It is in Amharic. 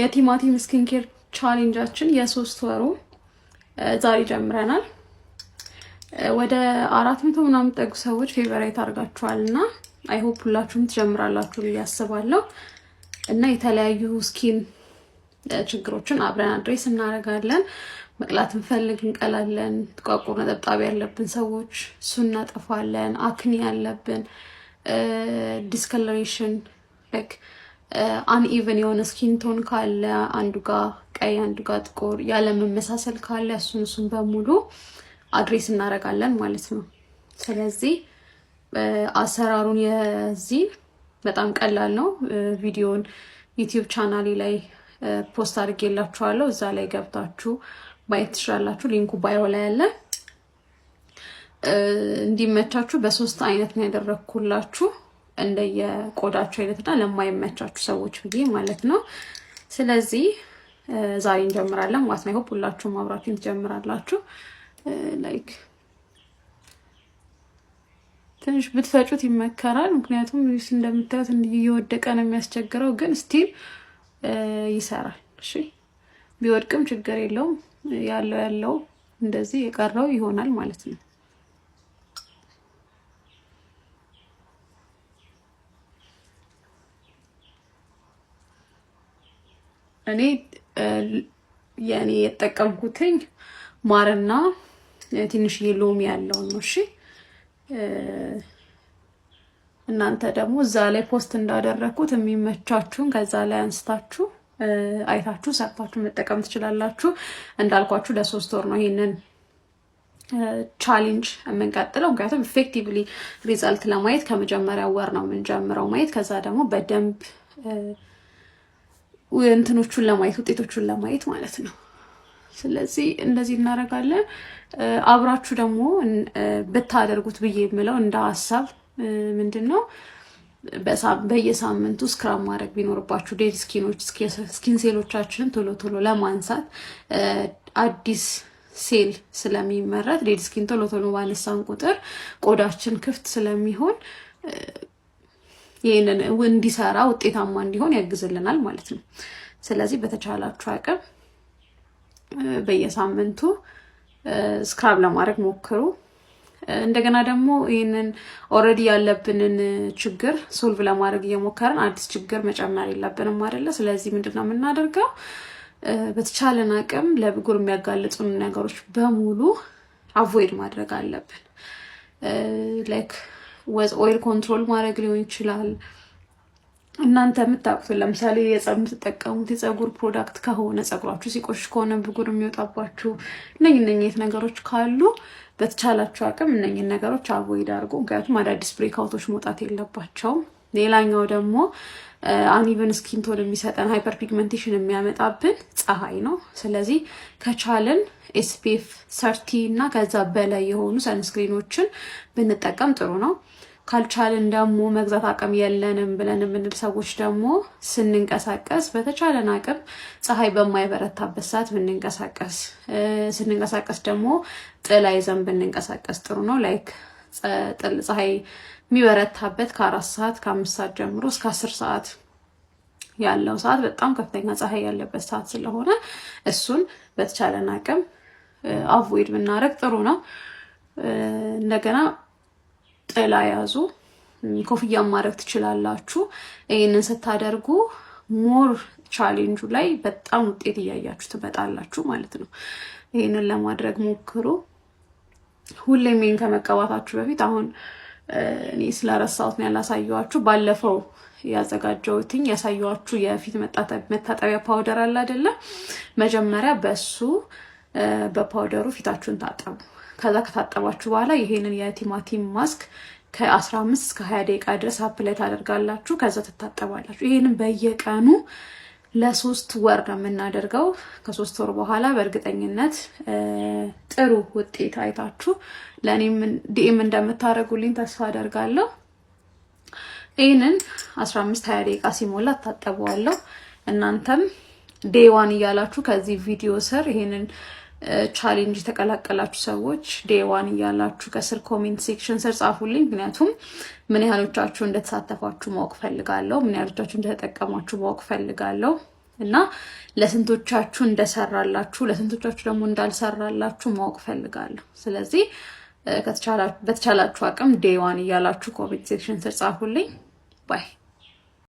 የቲማቲም ስኪንኬር ቻሌንጃችን የሶስት ወሩ ዛሬ ጀምረናል። ወደ አራት መቶ ምናምን ጠጉ ሰዎች ፌቨራይት አድርጋችኋል እና አይሆፕ ሁላችሁም ትጀምራላችሁ ብዬ አስባለሁ እና የተለያዩ ስኪን ችግሮችን አብረን አድሬስ እናደርጋለን። መቅላት እንፈልግ እንቀላለን። ጥቋቁር ነጠብጣብ ያለብን ሰዎች እሱ እናጠፋለን። አክኒ ያለብን ዲስከለሬሽን አንኢቨን የሆነ ስኪን ቶን ካለ አንዱ ጋር ቀይ አንዱ ጋር ጥቁር ያለ መመሳሰል ካለ እሱን እሱን በሙሉ አድሬስ እናደርጋለን ማለት ነው። ስለዚህ አሰራሩን የዚህ በጣም ቀላል ነው። ቪዲዮን ዩቲዩብ ቻናሌ ላይ ፖስት አድርጌላችኋለሁ። እዛ ላይ ገብታችሁ ማየት ትችላላችሁ። ሊንኩ ባዮ ላይ ያለ። እንዲመቻችሁ በሶስት አይነት ነው ያደረግኩላችሁ። እንደየቆዳቸው አይነትና ለማይመቻችሁ ሰዎች ብዬ ማለት ነው። ስለዚህ ዛሬ እንጀምራለን ማለት ነው። ይሆን ሁላችሁም አብራችሁን ትጀምራላችሁ። ላይክ ትንሽ ብትፈጩት ይመከራል። ምክንያቱም ስ እንደምታዩት እንዲህ እየወደቀ ነው የሚያስቸግረው፣ ግን ስቲል ይሰራል። እሺ ቢወድቅም ችግር የለውም። ያለው ያለው እንደዚህ የቀረው ይሆናል ማለት ነው። እኔ የእኔ የጠቀምኩትኝ ማርና ትንሽዬ ሎሚ ያለውን ነው። እሺ እናንተ ደግሞ እዛ ላይ ፖስት እንዳደረግኩት የሚመቻችሁን ከዛ ላይ አንስታችሁ አይታችሁ ሰርታችሁ መጠቀም ትችላላችሁ። እንዳልኳችሁ ለሶስት ወር ነው ይሄንን ቻሌንጅ የምንቀጥለው ምክንያቱም ኢፌክቲቭሊ ሪዛልት ለማየት ከመጀመሪያ ወር ነው የምንጀምረው ማየት ከዛ ደግሞ በደንብ እንትኖቹን ለማየት ውጤቶቹን ለማየት ማለት ነው። ስለዚህ እንደዚህ እናደርጋለን። አብራችሁ ደግሞ ብታደርጉት ብዬ የምለው እንደ ሀሳብ ምንድን ነው በየሳምንቱ ስክራም ማድረግ ቢኖርባችሁ ዴድ ስኪኖች ስኪን ሴሎቻችንን ቶሎ ቶሎ ለማንሳት አዲስ ሴል ስለሚመረት ዴድ ስኪን ቶሎ ቶሎ ባነሳን ቁጥር ቆዳችን ክፍት ስለሚሆን ይህንን እንዲሰራ ውጤታማ እንዲሆን ያግዝልናል ማለት ነው። ስለዚህ በተቻላችሁ አቅም በየሳምንቱ ስክራብ ለማድረግ ሞክሩ። እንደገና ደግሞ ይህንን ኦልሬዲ ያለብንን ችግር ሶልቭ ለማድረግ እየሞከርን አዲስ ችግር መጨመር የለብንም አይደለ? ስለዚህ ምንድን ነው የምናደርገው? በተቻለን አቅም ለብጉር የሚያጋልጹን ነገሮች በሙሉ አቮይድ ማድረግ አለብን ላይክ ወዝ ኦይል ኮንትሮል ማድረግ ሊሆን ይችላል። እናንተ የምታውቁት ለምሳሌ የጸብ የምትጠቀሙት የጸጉር ፕሮዳክት ከሆነ ጸጉራችሁ ሲቆሽ ከሆነ ብጉር የሚወጣባችሁ እነኝነኝት ነገሮች ካሉ በተቻላችሁ አቅም እነኝን ነገሮች አቮይድ አድርጎ፣ ምክንያቱም አዳዲስ ብሬክአውቶች መውጣት የለባቸውም። ሌላኛው ደግሞ አኒቨን ስኪንቶን የሚሰጠን ሃይፐር ፒግመንቴሽን የሚያመጣብን ፀሐይ ነው። ስለዚህ ከቻልን ኤስፒኤፍ ሰርቲ እና ከዛ በላይ የሆኑ ሰንስክሪኖችን ብንጠቀም ጥሩ ነው። ካልቻልን ደግሞ መግዛት አቅም የለንም ብለን የምንል ሰዎች ደግሞ ስንንቀሳቀስ በተቻለን አቅም ፀሐይ በማይበረታበት ሰዓት ብንንቀሳቀስ፣ ስንንቀሳቀስ ደግሞ ጥላ ይዘን ብንንቀሳቀስ ጥሩ ነው ላይክ ፀሐይ የሚበረታበት ከአራት ሰዓት ከአምስት ሰዓት ጀምሮ እስከ አስር ሰዓት ያለው ሰዓት በጣም ከፍተኛ ፀሐይ ያለበት ሰዓት ስለሆነ እሱን በተቻለን አቅም አቮይድ ብናደረግ ጥሩ ነው። እንደገና ጥላ ያዙ፣ ኮፍያ ማድረግ ትችላላችሁ። ይህንን ስታደርጉ ሞር ቻሌንጁ ላይ በጣም ውጤት እያያችሁ ትመጣላችሁ ማለት ነው። ይህንን ለማድረግ ሞክሩ። ሁሌም ይህን ከመቀባታችሁ በፊት አሁን እኔ ስለረሳሁት ነው ያላሳየኋችሁ። ባለፈው ያዘጋጀሁትኝ ያሳየኋችሁ የፊት መታጠቢያ ፓውደር አለ አይደለም መጀመሪያ በሱ በፓውደሩ ፊታችሁን ታጠቡ። ከዛ ከታጠባችሁ በኋላ ይሄንን የቲማቲም ማስክ ከ15 እስከ 20 ደቂቃ ድረስ አፕላይ ታደርጋላችሁ። ከዛ ትታጠባላችሁ። ይሄንን በየቀኑ ለሶስት ወር ነው የምናደርገው። ከሶስት ወር በኋላ በእርግጠኝነት ጥሩ ውጤት አይታችሁ ለእኔም ዲኤም እንደምታደርጉልኝ ተስፋ አደርጋለሁ። ይህንን አስራ አምስት ሀያ ደቂቃ ሲሞላ ታጠበዋለሁ። እናንተም ዴዋን እያላችሁ ከዚህ ቪዲዮ ስር ይህንን ቻሌንጅ የተቀላቀላችሁ ሰዎች ዴዋን እያላችሁ ከስር ኮሜንት ሴክሽን ስር ጻፉልኝ። ምክንያቱም ምን ያህሎቻችሁ እንደተሳተፋችሁ ማወቅ ፈልጋለሁ። ምን ያህሎቻችሁ እንደተጠቀማችሁ ማወቅ ፈልጋለሁ እና ለስንቶቻችሁ እንደሰራላችሁ፣ ለስንቶቻችሁ ደግሞ እንዳልሰራላችሁ ማወቅ ፈልጋለሁ። ስለዚህ በተቻላችሁ አቅም ዴዋን እያላችሁ ኮሜንት ሴክሽን ስር ጻፉልኝ ባይ